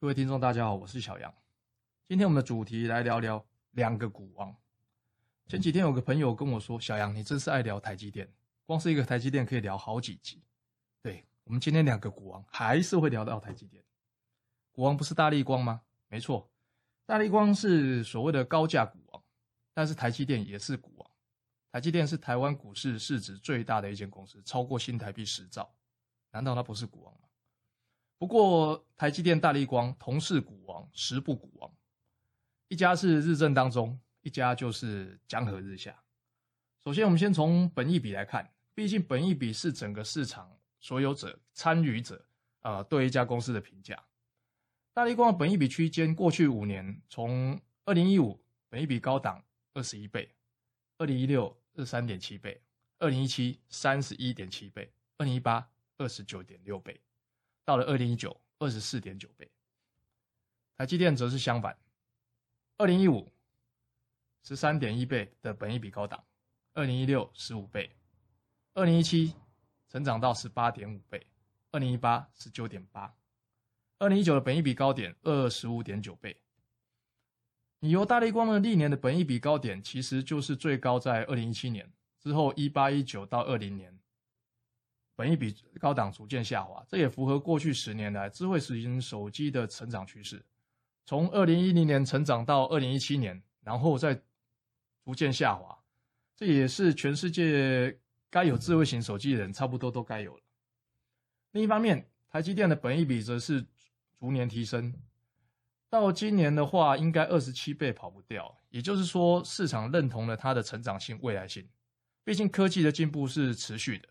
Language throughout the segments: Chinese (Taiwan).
各位聽眾，大家好，我是小楊。今天我們的主題來聊聊兩個股王。前幾天有個朋友跟我說：“小楊，你真是愛聊台積電，光是一個台積電可以聊好幾集。”對，我們今天兩個股王還是會聊到台積電。股王不是大立光嗎？沒錯，大立光是所謂的高價股王，但是台積電也是股王。台積電是台灣股市市值最大的一間公司，超過新台幣十兆，難道它不是股王嗎？不過，台積電、大立光同是股王，實不股王，一家是日正當中，一家就是江河日下。首先，我們先從本益比來看，畢竟本益比是整個市場所有者、參與者啊、呃、對一家公司的評價。大立光的本益比區間，過去五年從二零一五本益比高檔二十一倍，二零一六二三點七倍，二零一七三十一點七倍，二零一八二十九點六倍。到了二零一九，二十四點九倍。台積電則是相反，二零一五十三點一倍的本益比高檔，二零一六十五倍，二零一七成長到十八點五倍，二零一八十九點八，二零一九的本益比高點二二十五點九倍。你由大立光的歷年的本益比高點，其實就是最高在二零一七年之後，一八一九到二零年。本益比高檔逐漸下滑，這也符合過去十年來智慧型手機的成長趨勢。從二零一零年成長到二零一七年，然後再逐漸下滑。這也是全世界該有智慧型手機的人差不多都該有了。另一方面，台積電的本益比則是逐年提升，到今年的話應該二十七倍跑不掉。也就是說，市場認同了它的成長性、未來性。畢竟科技的進步是持續的。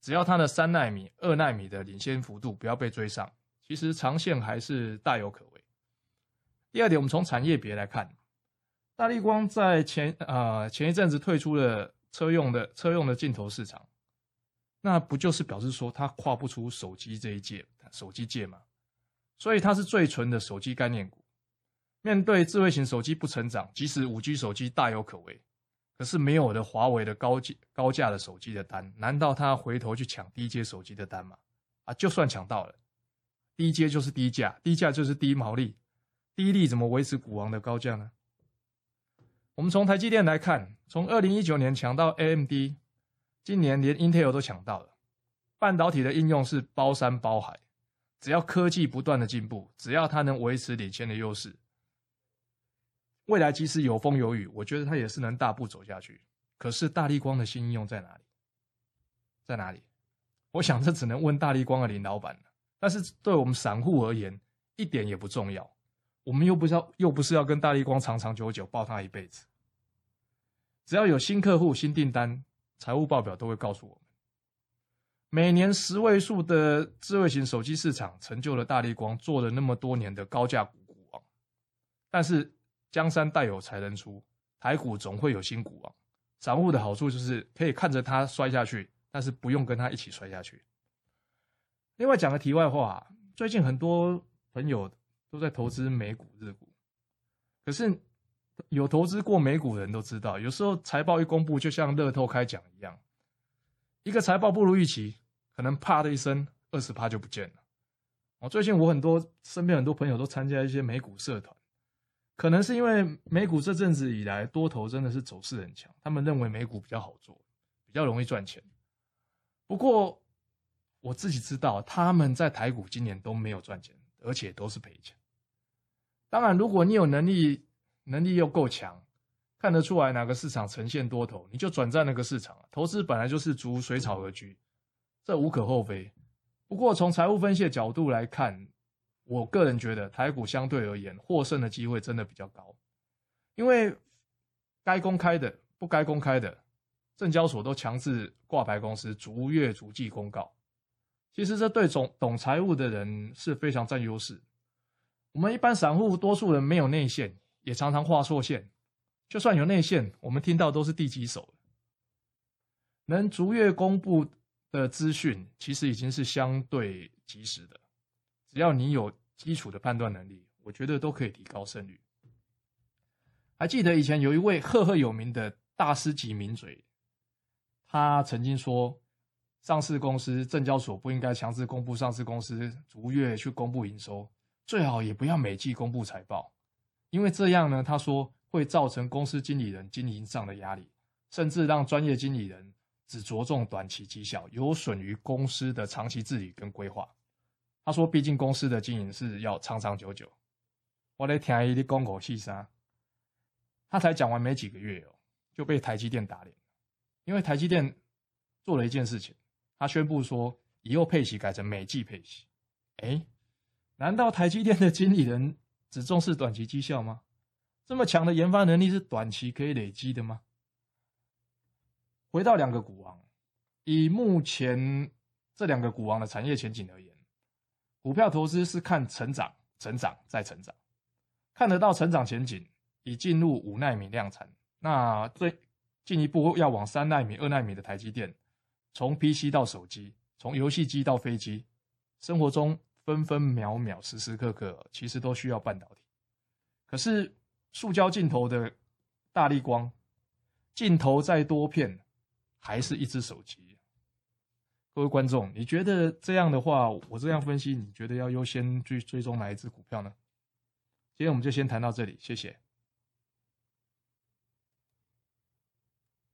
只要它的三奈米、二奈米的領先幅度不要被追上，其實長線還是大有可為。第二點，我們從產業別來看，大立光在前啊、呃、前一陣子退出了車用的車用的鏡頭市場，那不就是表示說它跨不出手機這一界，手機界嗎？所以它是最純的手機概念股。面對智慧型手機不成長，即使五 G 手機大有可為。可是沒有了華為的高價高價的手機的單，難道他要回頭去搶低階手機的單嗎？啊，就算搶到了，低階就是低價，低價就是低毛利，低利怎麼維持股王的高價呢？我們從台積電來看，從二零一九年搶到 AMD，今年連 Intel 都搶到了，半導體的應用是包山包海，只要科技不斷的進步，只要它能維持領先的優勢。未來即使有風有雨，我覺得它也是能大步走下去。可是，大立光的新應用在哪裡？在哪裡？我想這只能問大立光的林老闆了。但是，對我們散戶而言，一點也不重要。我們又不是要，又不是要跟大立光長長久久抱他一輩子。只要有新客戶、新訂單，財務報表都會告訴我們。每年十位數的智慧型手機市場，成就了大立光，做了那麼多年的高價股股王。但是，江山代有才人出，台股總會有新股王，散戶的好處就是可以看着它摔下去，但是不用跟它一起摔下去。另外講個題外話，最近很多朋友都在投資美股、日股，可是有投資過美股的人都知道，有時候財報一公布，就像樂透開獎一樣，一個財報不如預期，可能啪的一聲，二十趴就不見了。我最近我很多身邊很多朋友都參加一些美股社團。可能是因為美股這陣子以來多頭真的是走勢很強，他們認為美股比較好做，比較容易賺錢。不過我自己知道，他們在台股今年都沒有賺錢，而且都是賠錢。當然，如果你有能力，能力又夠強，看得出來哪個市場呈現多頭，你就轉戰那個市場。投資本來就是逐水草而居，這無可厚非。不過從財務分析的角度來看，我個人覺得台股相對而言獲勝的機會真的比較高，因為該公開的不該公開的，證交所都強制掛牌公司逐月逐季公告。其實這對總懂財務的人是非常占優勢。我們一般散戶多數人沒有內線，也常常畫錯線。就算有內線，我們聽到都是第幾手。能逐月公布的資訊，其實已經是相對及時的。只要你有基礎的判斷能力，我覺得都可以提高勝率。還記得以前有一位赫赫有名的大師級名嘴，他曾經說，上市公司，證交所不應該強制公布上市公司逐月去公布營收，最好也不要每季公布財報，因為這樣呢，他說會造成公司經理人經營上的壓力，甚至讓專業經理人只着重短期績效，有損於公司的長期治理跟規劃。他說：“畢竟公司的經營是要長長久久。”我來聽一啲公口戲沙，他才講完沒幾個月就被台積電打臉。因為台積電做了一件事情，他宣布說以後配息改成每季配息、欸。哎，難道台積電的經理人只重視短期績效嗎？這麼強的研發能力是短期可以累積的嗎？回到兩個股王，以目前這兩個股王的產業前景而言。股票投資是看成長，成長，再成長，看得到成長前景，已進入五納米量產，那最進一步要往三納米、二納米的台積電，從 PC 到手機，從遊戲機到飛機，生活中分分秒秒、時時刻刻，其實都需要半導體。可是塑膠鏡頭的大立光，鏡頭再多片，還是一支手機。各位觀眾，你覺得這樣的話，我這樣分析，你覺得要優先去追蹤哪一隻股票呢？今天我們就先談到這裡，謝謝。